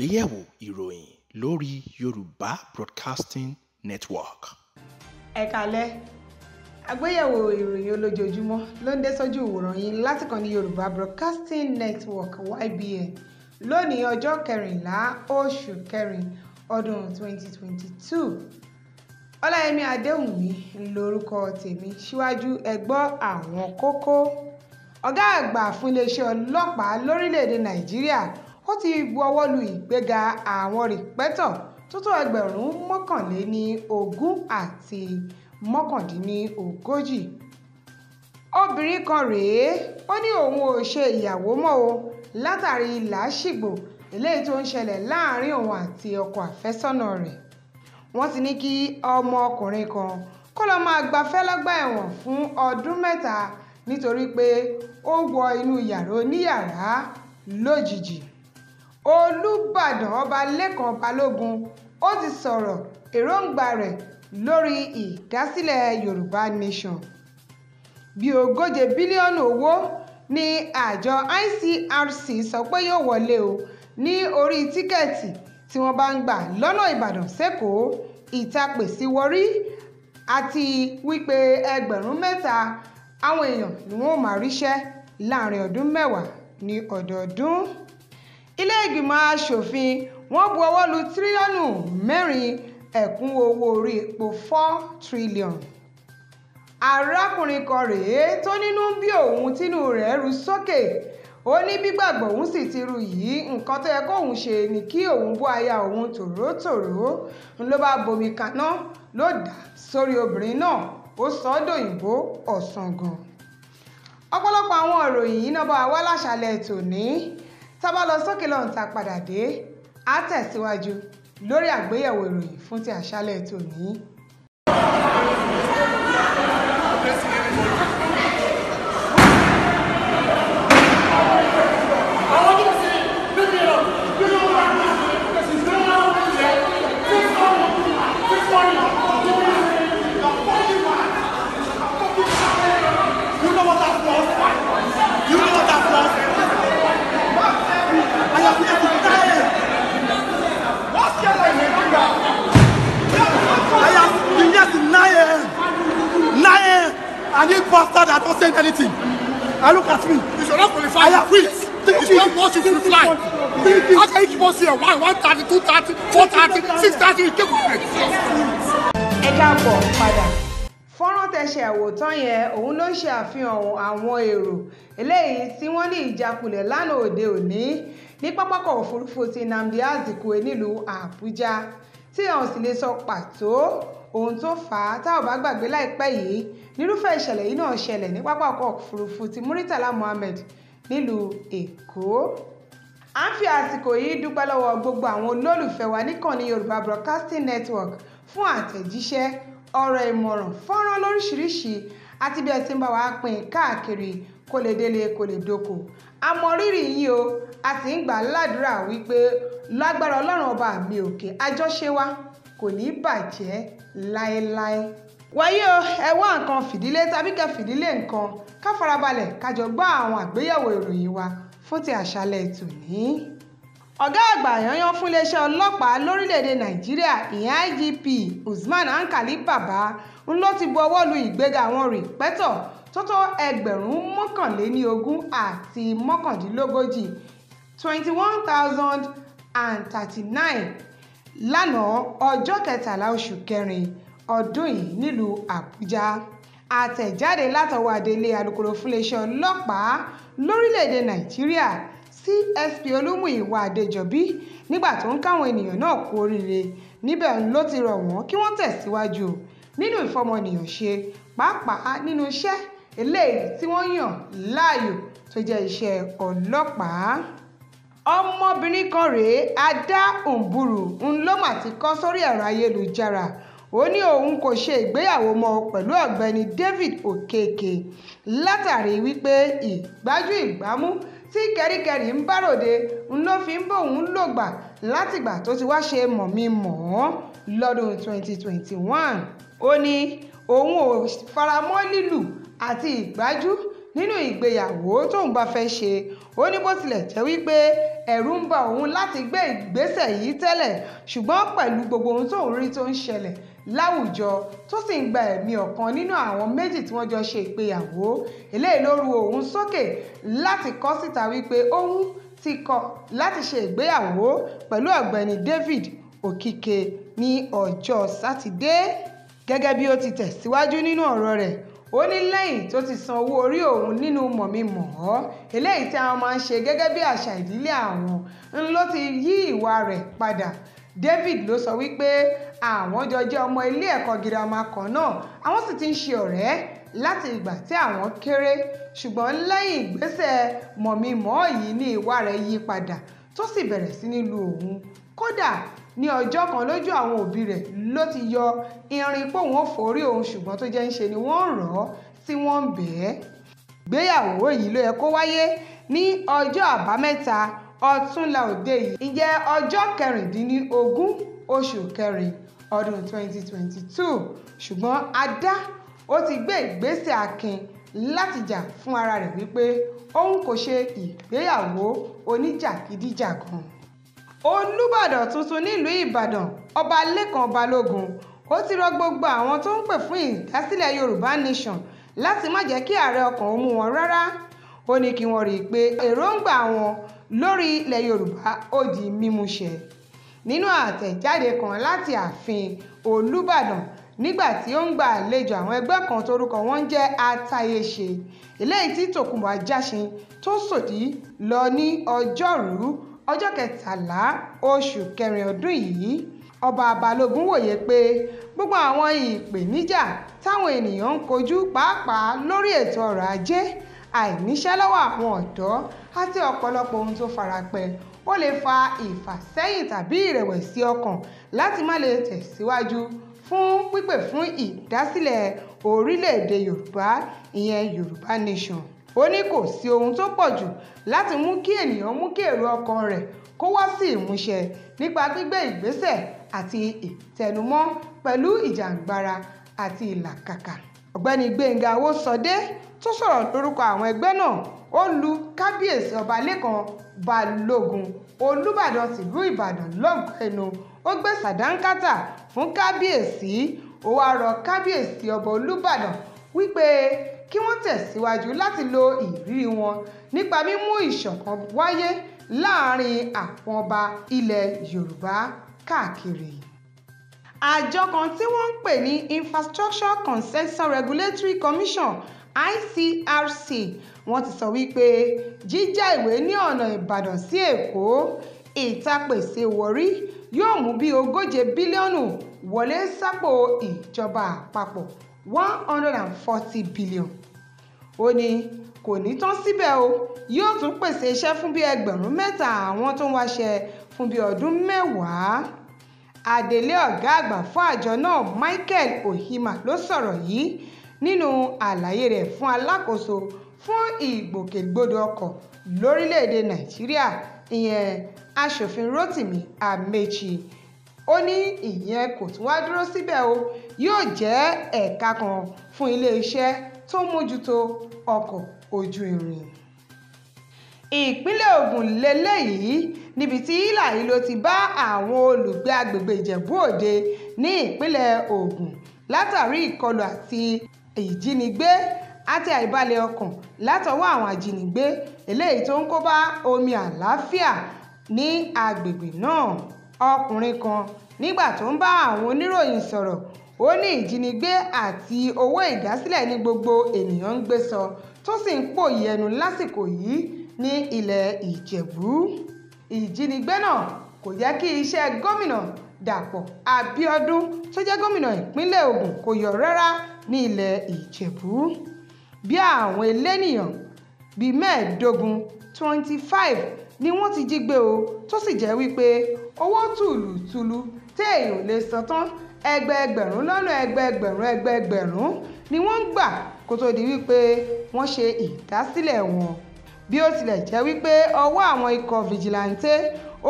àgbéyẹ̀wò ìròyìn lórí Yorùbá Broadcasting Network. ẹ kalẹ́ àgbéyẹ̀wò ìròyìn olójoojúmọ́ ló ń dé sójú ìwòran yín láti ní Yorùbá Broadcasting Network YBN lónìí ọjọ́ kẹrìnlá oṣù kẹrin ọdún 2022 Ọláyẹmí Adéwùmí lórúkọ tèmi síwájú ẹ gbọ́ àwọn kókó ọ̀gá àgbà fún iléeṣẹ́ ọlọ́pàá lórílẹ̀‐èdè Nàìjíríà ó ti bu ọwọ́ lu ìgbéga àwọn rìpẹ́tọ̀ tó tó ẹgbẹ̀rún mọ́kànléní ogún àti mọ́kàndínní ogójì obìnrin kan rèé ó ní òun ò ṣe ìyàwó mọ́ o látàrí làásìgbò eléyìí tó ń ṣẹlẹ̀ láàrin òun àti ọkọ àfẹ́sọ́nà rẹ̀ wọ́n ti ní kí ọmọkùnrin kan kó lọ́ọ́ máa gbafẹ́ lọ́gbà ẹ̀wọ̀n fún ọdún mẹ́ta nítorí pé ó wọ inú yàrá oníyàrá lójijì olùbàdàn ọba lẹ́kàn balógun ó ti sọ̀rọ̀ èròǹgbà rẹ̀ lórí ìdásílẹ̀ yorùbá nation bí ogóje bílíọ̀nù owó ni àjọ icrc sọ pé yóò wọlé o ní orí tíkẹ́ẹ̀tì tí wọ́n bá ń gbà lọ́nà ìbàdàn sẹ́kọ̀ọ́ ìtàpè sí wọrí àti wípé ẹgbẹ̀rún mẹ́ta àwọn èèyàn ni wọ́n máa ríṣẹ́ láàrin ọdún mẹ́wàá ní ọdọọdún ilé ìgbìmọ̀ asòfin wọ́n bu ọwọ́ lu tírílíọ̀nù mẹ́rin ẹ̀kúnwó owó orí epo four trillion arákùnrin kan rèé tó nínú bí òun tínú rẹ̀ ru sókè ó ní gbígbàgbọ́ òun sì ti ru yìí nǹkan tó yẹ kóun ṣe ni kí òun bú aya òun tòrótòró ló bá bomi kaná ló dà sórí obìnrin náà ó sọ ọ́ dòyìnbó ọ̀sán gan ọ̀pọ̀lọpọ̀ àwọn ìròyìn yìí náà bá wá láṣálẹ́ tòní tábà lọ sókè lọ́hùn tá a padà dé á tẹ̀síwájú lórí àgbéyẹ̀wò ìròyìn fún ti àṣálẹ́ tòní. big bastard that don't say anything. And look at me. You should not qualify. I have quit. It's not what you fly. How can you keep us here? Why? 130, thirty. 430, 630, you keep us Ẹ káàbọ̀ padà. Fọ́nrán tẹ̀sẹ̀ àwòtán yẹn òun ló ṣe àfihàn àwọn èrò eléyìí tí wọ́n ní ìjákulẹ̀ lánàá òde òní ní pápákọ̀ òfurufú ti Nnamdi Azikiwe nílùú Àbújá tí àwọn sì lè sọ pàtó ohun tó fà á tá ò bá gbàgbé láìpẹ́ yìí nírúfẹ́ ìṣẹ̀lẹ̀ yìí náà ṣẹlẹ̀ ní pápákọ̀ òfurufú ti Muritala Muhammed nílùú Èkó à ń fi àsìkò yìí dúpẹ́ lọ́wọ́ gbogbo àwọn olólùfẹ́ wa níkànnì Yorùbá Broadcasting Network fún àtẹ̀jíṣẹ́ ọ̀rọ̀ ìmọ̀ràn fọ́nrán lóríṣiríṣi àti bí ẹ ti ń bá wa pín káàkiri kó lè délé kó lè dóko a mọ rírì yín o a sì ń gbà ládùúrà wípé lágbára Ọlọ́run ọba mi òkè àjọṣe wa kò ní bàjẹ́ láéláé wáyé o ẹ wá nǹkan fìdílé tàbí kẹ́ fìdílé nǹkan ká farabalẹ̀ ká jọ gbọ́ àwọn àgbéyẹ̀wò ìròyìn wa fún ti àṣálẹ́ tòní. ọ̀gá àgbà yanyan fún iléeṣẹ́ ọlọ́pàá lórílẹ̀‐èdè nàìjíríà ìyẹn igp usman ankali baba ń ló ti bu ọwọ́ lu ìgbéga àwọn rìpẹ́tọ̀ tó tó ẹgbẹ̀rún mọ́kànléní ogún àti mọ́kàndínlógójì twenty one thousand and thirty nine lánàá ọjọ́ kẹtàlá oṣù kẹrin ọdún yìí nílùú àbújá àtẹ̀jáde látọwọ́ adelé alukoro fúnléeṣẹ́ ọlọ́pàá lórílẹ̀‐èdè nàìjíríà csp olúmúyìwá adéjọbí nígbà tó ń káwọn ènìyàn náà kú oríire níbẹ̀ ló ti rọ̀ wọ́n kí wọ́n tẹ̀síwájú nínú ìfọmọnìyàn ṣe pàápàá nínú iṣẹ́ eléyìí tí wọ́n yàn láàyò tó jẹ́ iṣẹ́ ọlọ́pàá ọmọbìnrin kan rèé adá ùǹbùrù ń ló mà ti kọ sórí ẹ̀rọ ayélujára ó ní òun kò ṣe ìgbéyàwó mọ́ pẹ̀lú ọ̀gbẹ́ni David Okeke látàrí wípé ìgbájú ìgbámú tí kẹ́ríkẹ́rí ń báròde ń ló fi ń bóun lògbà látìgbà tó ti wá ṣe mọ̀mí-mọ̀ ọ́n lọ́dún 2021 ó ní òun ò faramọ́ lílù àti ìgbájú nínú ìgbéyàwó tóun bá fẹ́ ṣe ó ní bó tilẹ̀ jẹ́ wípé ẹ̀rù ń ba òun láti gbé ìgbésẹ̀ yìí tẹ́lẹ̀ ṣùgbọ́n pẹ̀lú gbogbo ohun tóun rí tó ń ṣẹlẹ̀ láwùjọ tó sì ń gba ẹ̀mí ọ̀kan nínú àwọn méjì tí wọ́n jọ ṣe ìgbéyàwó eléyìí ló ru òun sókè láti kọ síta wípé òun ti kọ láti ṣe ìgbéyàwó pẹ̀lú ọ̀gbẹ́ni David Okike ní ọjọ́ sátidé gẹ́gẹ́ bí ó ti tẹ̀síwájú nínú ọ̀rọ̀ rẹ̀ ó ní lẹ́yìn tó ti san owó orí òun nínú mọ̀mí-mọ̀-ọ́ eléyìí tí àwọn máa ń ṣe gẹ́gẹ́ bí àṣà ìdílé àwọn ń ló ti yí ìwà rẹ̀ padà David ló sọ wípé àwọn jọ jẹ́ ọmọ ilé ẹ̀kọ́ girama kan náà àwọn sì ti ń ṣe ọ̀rẹ́ láti ìgbà tí àwọn kéré ṣùgbọ́n lẹ́yìn ìgbésẹ̀ mọ̀mí-mọ̀ yìí ni ìwà rẹ̀ yí padà tó sì bẹ̀rẹ̀ sí ní lu òun kódà ní ọjọ́ kan lójú àwọn òbí rẹ̀ ló ti yọ irin póun ó forí òun ṣùgbọ́n tó jẹ́ ń ṣe ni wọ́n ń rọ̀ ọ́ tí wọ́n ń bẹ̀ẹ́ ìgbéyàwó yìí ló yẹ kó wáyé ní ọjọ́ àbámẹ́ta ọ̀túnla òde yìí ìjẹ́ ọjọ́ kẹrìndínlógún oṣù kẹrin ọdún 2022 ṣùgbọ́n adá ó ti gbé ìgbésẹ̀ akin láti jà fún ara rẹ̀ wípé òun kò ṣe ìgbéyàwó oníjàgídíjàgan olùbàdàn tuntun nílùú ìbàdàn ọba lẹ́kan balógun ó ti rọ gbogbo àwọn tó ń pè fún ìdásílẹ̀ yorùbá nation láti má jẹ́ kí ààrẹ ọkàn ó mú wọn rárá ó ní kí wọ́n rí i pé èròǹgbà wọn lórí ilẹ̀ yorùbá ó di mímúṣẹ nínú àtẹ̀jáde kan láti ààfin olùbàdàn nígbà tí ó ń gba àlejò àwọn ẹgbẹ́ kan torúkọ wọn ń jẹ́ atayéṣe eléyìí tí tòkunbọ̀ ajáṣin tó sòdí lọ ní ọjọ́rùú ọjọ́ kẹtàlá oṣù kẹrin ọdún yìí ọba balógun wòye pé gbogbo àwọn ìpèníjà táwọn ènìyàn ń kojú pàápàá lórí ètò ọrọ̀ ajé àìníṣẹ́ lọ́wọ́ àwọn ọ̀dọ́ àti ọ̀pọ̀lọpọ̀ ohun tó farapẹ́ ó lè fa ìfàsẹ́yìn tàbí ìrẹ̀wẹ̀sì ọkàn láti má lè tẹ̀síwájú fún pípè fún ìdásílẹ̀ orílẹ̀-èdè yorùbá ìyẹn yorùbá nation ó ní kò sí ohun tó pọ̀ jù láti mú kí ènìyàn mú kí èrò ọkàn rẹ̀ kó wá sí ìmúṣẹ nípa gbígbé ìgbésẹ̀ àti ìtẹnumọ́ pẹ̀lú ìjàǹgbara àti ìlàkàkà ọ̀gbẹ́ni gbẹ̀ngà owósọdé tó sọ̀rọ̀ lórúkọ àwọn ẹgbẹ́ náà ó lu kábíyèsí ọba lẹ́kan balógun olùbàdàn tìlú ìbàdàn lọ́gbẹ̀ẹ́nu ó gbé sàdánkátà fún kábíyèsí ó wá rọ kábíyèsí ọba olùbàdàn wípé kí wọ́n tẹ̀síwájú láti lo ìrírí wọn nípa mímú ìṣọ̀kan wáyé láàrin àwọn ọba ilẹ̀ Yorùbá káàkiri àjọ kan tí wọ́n ń pè ní Infrastructure consensus Regulatory Commission ICRC wọ́n ti sọ wípé jíjá ìwé ní ọ̀nà Ìbàdàn sí Èkó ìtapèsè Warri yóò mú bí ogóje bílíọ̀nù wọlé sápò ìjọba àpapọ̀ one hundred and forty billion ó ní kò ní tán síbẹ̀ o yóò tún pèsè iṣẹ́ fún bí ẹgbẹ̀rún mẹ́ta àwọn tó ń wáṣẹ́ fún bí ọdún mẹ́wàá adelé ọ̀gá àgbà fún àjọ náà Michael Ohima ló sọ̀rọ̀ yìí nínú àlàyé rẹ̀ fún alákòóso fún ìgbòkègbodò ọkọ̀ lórílẹ̀‐èdè Nàìjíríà ìyẹn aṣòfin Rotimi Amechi ó ní ìyẹn kò tún wá dúró síbẹ̀ o yóò jẹ́ ẹ̀ka kan fún iléeṣẹ́ tó mójútó ọkọ̀ ojú irin ìpínlẹ̀ Ògùn lélẹ́yìí níbi tí Láìló ti bá àwọn olùgbé agbègbè Ìjẹ̀bú Òde ní ìpínlẹ̀ Ògùn látàrí ìkọlù àti ìjínigbé àti àìbalẹ̀ ọkàn látọwọ́ àwọn ajínigbé eléyìí tó ń kó bá omi àlàáfíà ní agbègbè náà ọkùnrin kan nígbà tó ń bá àwọn oníròyìn sọ̀rọ̀ ó ní ìjínigbé àti owó ìdásílẹ̀ ní gbogbo ènìyàn ń gbé sọ tó sì ń pòyì ẹnu lásìkò yìí ní ilẹ̀ ìjẹ̀bú ìjínigbé náà kò jẹ́ kí iṣẹ́ gómìnà dàpọ̀ abíọ́dún tó jẹ́ gómìnà ìpínlẹ̀ ògùn kò yọ rárá ní ilẹ̀ ìjẹ̀bú bí àwọn elénìyàn bíi mẹ́ẹ̀ẹ́dógún twenty five ni wọ́n ti jí gbé o tó sì jẹ́ wípé owó tùlùtùlù téèyàn lè san tán ẹgbẹẹgbẹ̀rún lọ́nà ẹgbẹẹgbẹ̀rún ẹgbẹẹgbẹ̀rún ni wọ́n ń gbà kó tó di wípé wọ́n ṣe ìdásílẹ̀ wọn bí ó tilẹ̀ jẹ́ wípé ọwọ́ àwọn ikọ̀ fìjìláńtẹ́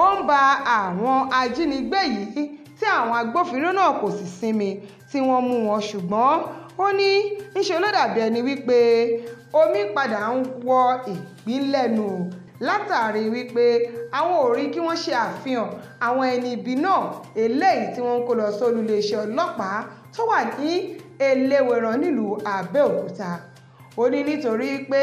ó ń ba àwọn ajínigbé yìí tí àwọn agbófinró náà kò sì sinmi tí wọ́n mú wọn ṣùgbọ́n ó ní ńṣe ló dàbí ẹni wípé omi padà ń wọ ìgbín lẹ́nu o látàrí wípé àwọn ò rí kí wọ́n ṣe àfihàn àwọn ẹni ibi náà eléyìí tí wọ́n ń kó lọ sólú iléeṣẹ́ ọlọ́pàá tó wà ní eléwérán nílùú Abẹ́òkúta ó ní nítorí pé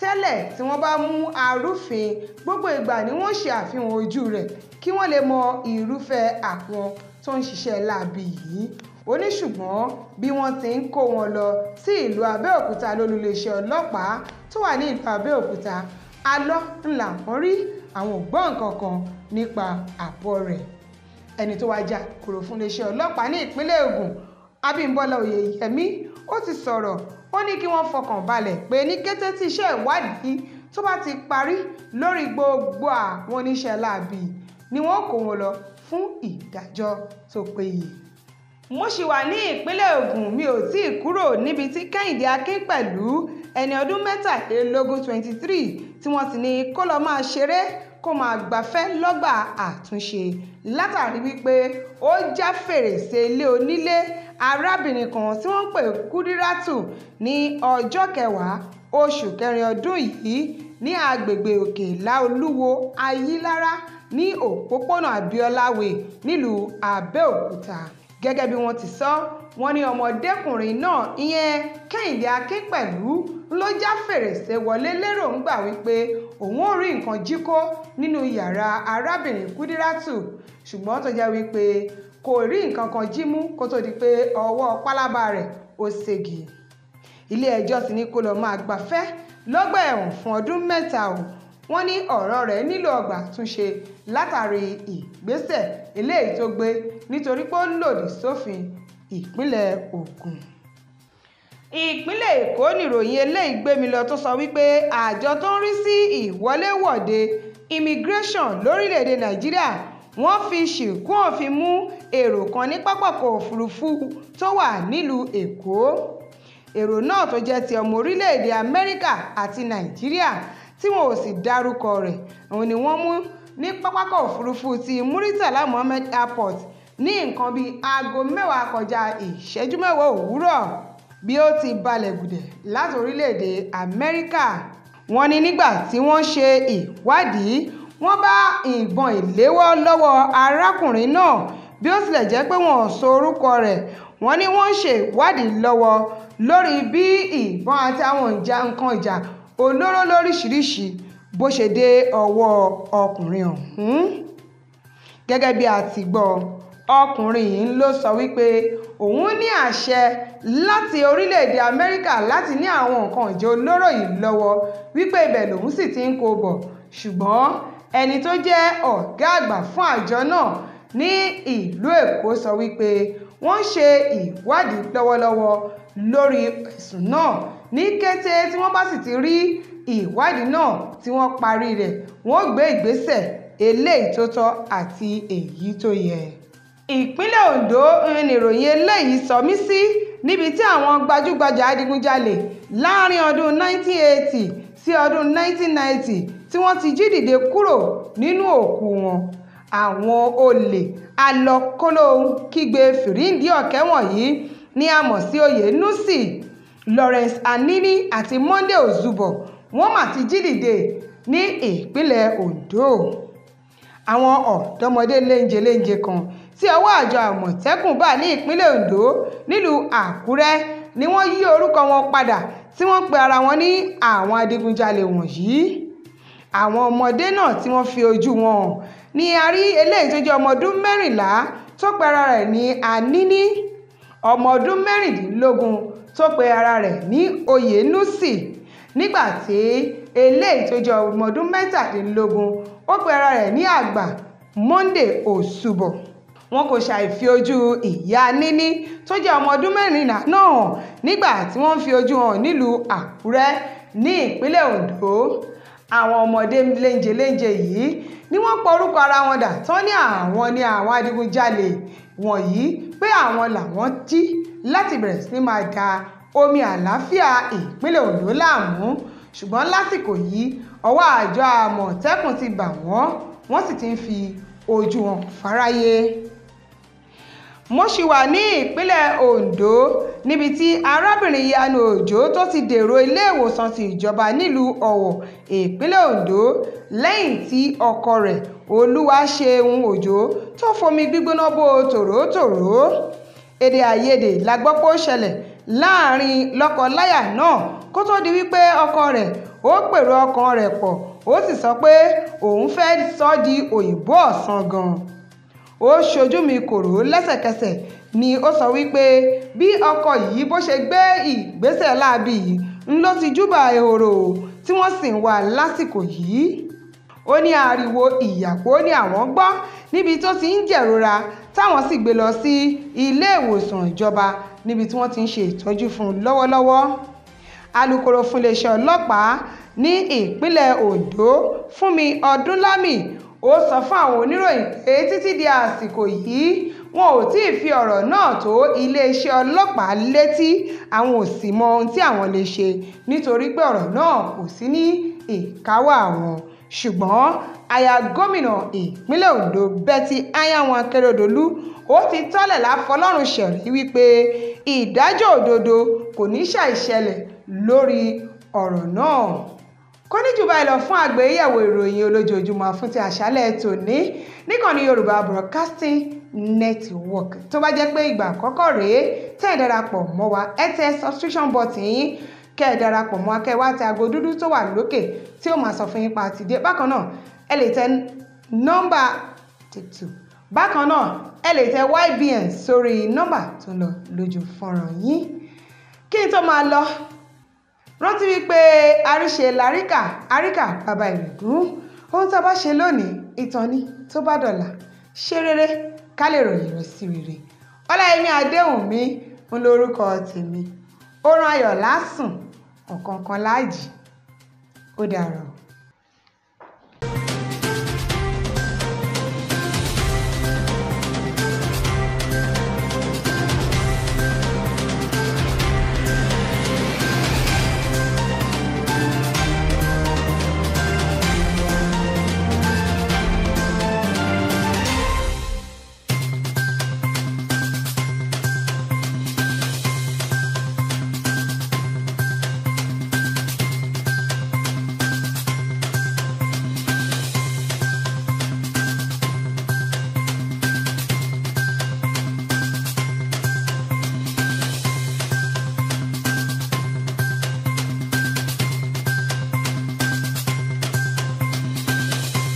tẹ́lẹ̀ tí wọ́n bá mú arúfin gbogbo ìgbà ni wọ́n ṣe àfihàn ojú rẹ̀ kí wọ́n lè mọ irúfẹ́ àwọn tó ń ṣiṣẹ́ láabi yìí ó ṣùgbọ́n bí wọ́n ti ń kó wọn lọ sí ìlú Abẹ́òkúta lólùléeṣẹ́ ọlọ́pàá tó wà ní ìlú Abẹ́òkúta alọ́ ńlá wọn rí àwọn ò gbọ́ nǹkan kan nípa àbọ̀ rẹ̀ ẹni tó wá jà kúrò fún iléeṣẹ́ ọlọ́pàá ní ìpínlẹ̀ Ògùn Abímbọ́lá Oyèyẹmí ó ti sọ̀rọ̀ ó ní kí wọ́n fọkàn balẹ̀ pé ní kété tí iṣẹ́ ìwádìí tó bá ti parí lórí gbogbo àwọn oníṣẹ́ láabi ni wọ́n kó wọn lọ fún ìdájọ́ tó péye mo ṣì wà ní ìpínlẹ̀ Ògùn mi ò tí ì kúrò níbi tí Kẹ́hìndé Akínpẹ̀lú ẹni ọdún mẹ́tàlélógún twenty three tí wọ́n ti ní kó lọ́ọ́ máa ṣeré kó máa gbafẹ́ lọ́gbà àtúnṣe látàrí wípé ó já fèrèsé ilé onílé arábìnrin kan tí wọ́n ń pè Kúdírátù ní ọjọ́ kẹwàá oṣù kẹrin ọdún yìí ní agbègbè òkè láolúwo ayílára ní òpópónà Abíọ́láwé nílùú Abẹ́òkúta gẹ́gẹ́ bí wọ́n ti sọ wọ́n ní ọmọdékùnrin náà ìyẹn Kẹ́hìndé Akínpẹ̀lú ló já fèrèsé wọlé léròǹgbà wípé òun ò rí nǹkan jí kó nínú yàrá arábìnrin Kúdírátù ṣùgbọ́n tó jẹ́ wípé kò rí nǹkan kan jí mú kó tó di pé ọwọ́ pálábá rẹ̀ ó ségi ilé ẹjọ́ sì ní kó lọ́ọ́ máa gbafẹ́ lọ́gbà ẹ̀wọ̀n fún ọdún mẹ́ta o wọ́n ní ọ̀rọ̀ rẹ̀ nílò ọgbà túnṣe látàrí ìgbésẹ̀ eléyìí tó gbé nítorí pé ó lòdì sófin ìpínlẹ̀ Ògùn ìpínlẹ̀ Èkó nìròyìn eléyìí gbé mi lọ tó sọ wípé àjọ tó ń rí sí ìwọléwọ̀de immigration lórílẹ̀‐èdè Nàìjíríà wọ́n fi ṣìkún òfin mú èrò kan ní pápákọ̀ òfurufú tó wà nílùú Èkó èrò náà tó jẹ́ ti ọmọ orílẹ̀‐èdè Amẹ́ríkà àti Nàìjíríà tí wọn ò sì dárúkọ rẹ̀ òun ni wọ́n mú ní pápákọ̀ òfurufú ti Muritala Mohammed Airport ní nǹkan bíi aago mẹ́wàá kọjá ìṣẹ́jú mẹ́wàá òwúrọ̀ bí ó ti balẹ̀ gùdẹ̀ láti orílẹ̀-èdè Amẹ́ríkà wọ́n ní nígbà tí wọ́n ṣe ìwádìí wọ́n bá ìbọn ìléwọ́ lọ́wọ́ arákùnrin náà bí ó tilẹ̀ jẹ́ pé wọ́n sọ orúkọ rẹ̀ wọ́n ní wọ́n ń lọ́wọ́ lórí bí ìbọn àti àwọn ìjà nǹkan ìjà olóró lóríṣìíríṣìí bó ṣe dé ọwọ́ ọkùnrin ọ̀hún hmm? gẹ́gẹ́ bí a ti gbọ́ ọkùnrin yìí ló sọ wípé òun ní àṣẹ láti orílẹ̀-èdè Amẹ́ríkà láti ní àwọn nǹkan ìjẹ olóró yìí lọ́wọ́ wípé ibẹ̀ lòun sì ti ń kó bọ̀ ṣùgbọ́n ẹni tó jẹ́ ọ̀gá àgbà fún àjọ náà ní ìlú Èkó sọ wípé wọ́n ṣe ìwádìí lọ́wọ́lọ́wọ́ lórí ẹ̀sùn náà ní kété tí wọ́n bá sì ti rí ìwádìí náà tí wọ́n parí rẹ̀ wọ́n gbé ìgbésẹ̀ eléyìí tó tọ́ àti èyí tó yẹ. ìpínlẹ̀ Ondo um, nìròyìn eléyìí sọ mí sí níbi tí àwọn gbajúgbajà adigunjalè láàrin ọdún 1980 sí ọdún 1990 tí wọ́n ti jí dìde kúrò nínú òkú wọn àwọn olè alọ́kóló kígbe fìríǹdì ọ̀kẹ́ wọ̀nyí ni a mọ̀ sí Oyènúsì lawrence anini àti monday ọ̀zùbọ̀ wọ́n mà ti jí dìde ní ìpínlẹ̀ ondo àwọn ọ̀dọ́mọdé léńjeléńje kan tí ọwọ́ àjọ àmọ̀tẹ́kùn bá ní ìpínlẹ̀ ondo nílùú àkúrẹ́ ni wọ́n yí orúkọ wọn padà tí wọ́n pe ara wọn ní àwọn adigunjalè wọ̀nyí àwọn ọmọdé náà tí wọ́n fi ojú wọn hàn ni a rí eléyìí tó jẹ́ ọmọ ọdún mẹ́rìnlá tó pera rẹ̀ ní anini ọmọ ọdún mẹ́rìndínlógún tó pe ara rẹ̀ ní Oyènúsì nígbà tí eléyìí tó jẹ́ ọmọ ọdún mẹ́tàdínlógún ó pe ara rẹ̀ ní àgbà Monday Òṣùbọ̀ wọn kò ṣàì fi ojú ìyá níní tó jẹ́ ọmọ ọdún mẹ́rìnlá náà hàn nígbà tí wọ́n ń fi ojú hàn nílùú Àkúrẹ́ ní ìpínlẹ̀ Oǹdó àwọn ọmọdé léńjeléńje yìí ni wọ́n pọ orúkọ ara wọn dà tán ní àwọn ní àwọn adigunjalè wọ̀nyí pé àwọn làwọn jí láti bẹ̀rẹ̀ sí máa da omi àlàáfíà ìpínlẹ̀ Ondo láàmú ṣùgbọ́n lásìkò yìí ọwọ́ àjọ àmọ̀tẹ́kùn ti bà wọ́n wọ́n sì ti ń fi ojú wọn fáráyé mo ṣì wà ní ìpínlẹ̀ Ondo níbi tí arábìnrin Yanu Ojo tó ti dèrò ilé ìwòsàn ti ìjọba nílùú Ọ̀wọ̀ ìpínlẹ̀ Ondo lẹ́yìn tí ọkọ rẹ̀ Olúwaṣeun Ojo tó fomi gbígbóná bò tòrótòró èdè àìyedè la gbọ́ pé ó ṣẹlẹ̀ láàrin lọ́kọ-láyà náà kó tó di wípé ọkọ rẹ̀ ó pèrò ọkàn rẹ̀ pọ̀ ó sì sọ pé òun fẹ́ sọ di òyìnbó ọ̀sán gan ó ṣojú mi kòrò lẹ́sẹ̀kẹsẹ̀ ni ó sọ wípé bí ọkọ yìí bó ṣe gbé ìgbésẹ̀ láabi yìí ń lọ sí júbà ehoro tí wọ́n sì ń wà lásìkò yìí ó ní ariwo ìyàpò ní àwọn gbọ́ níbi tó ti ń jẹ̀rora táwọn sì gbé lọ sí ilé ìwòsàn ìjọba níbi tí wọ́n ti ń ṣe ìtọ́jú fún un lọ́wọ́lọ́wọ́ alukoro fún iléeṣẹ́ ọlọ́pàá ní ìpínlẹ̀ Ondo Fúnmi Ọdúnlámì ó sọ fún àwọn oníròyìn pé títí di àsìkò yìí wọn ò tí ì fi ọ̀rọ̀ náà tó iléeṣẹ́ ọlọ́pàá létí àwọn ò sì mọ ohun tí àwọn lè ṣe nítorí pé ọ̀rọ̀ náà kò sí ní ìkáwọ́ àwọn ṣùgbọ́n aya gómìnà ìpínlẹ̀ Ondo Betty anyanwu akérèdọ́lù ó ti tọ́lẹ̀ láfọlọ́run ṣẹ̀rí wípé ìdájọ́ òdodo kò ní ṣàìṣẹlẹ̀ lórí ọ̀rọ̀ náà kò ní jù báyìí lọ fún àgbéyẹ̀wò ìròyìn olójoojúmọ́ fún ti àṣálẹ̀ tòní níkànnì Yorùbá Broadcasting Network tó bá jẹ́ pé ìgbà àkọ́kọ́ rèé tẹ́ ẹ̀ darapọ̀ mọ́ wa ẹ tẹ subscription button yín kẹ́ ẹ darapọ̀ mọ́ akẹ́ wá tẹ aago dúdú tó wà lókè tí ó máa sọ fún yín pa àtìdé bákan náà ẹ lè tẹ nọ́mbà tètù bákan náà ẹ lè tẹ YBN sórí nọ́mbà tó ń lọ lójú fọ́nrán yín kí n tó máa lọ rántí wípé àríṣe làríkà àríkà bàbá ìrìndùn ohun tá a bá ṣe lónìí ìtàn ni tó bá dọ̀là ṣe rere ká lè ròyìn rẹ̀ sí rere ọláyẹmí adéhùn mi ń lórúkọ tèmi ó rán ayọ̀ lásùn ọ̀kọ̀ọ̀kan láàjì ó dàrọ̀.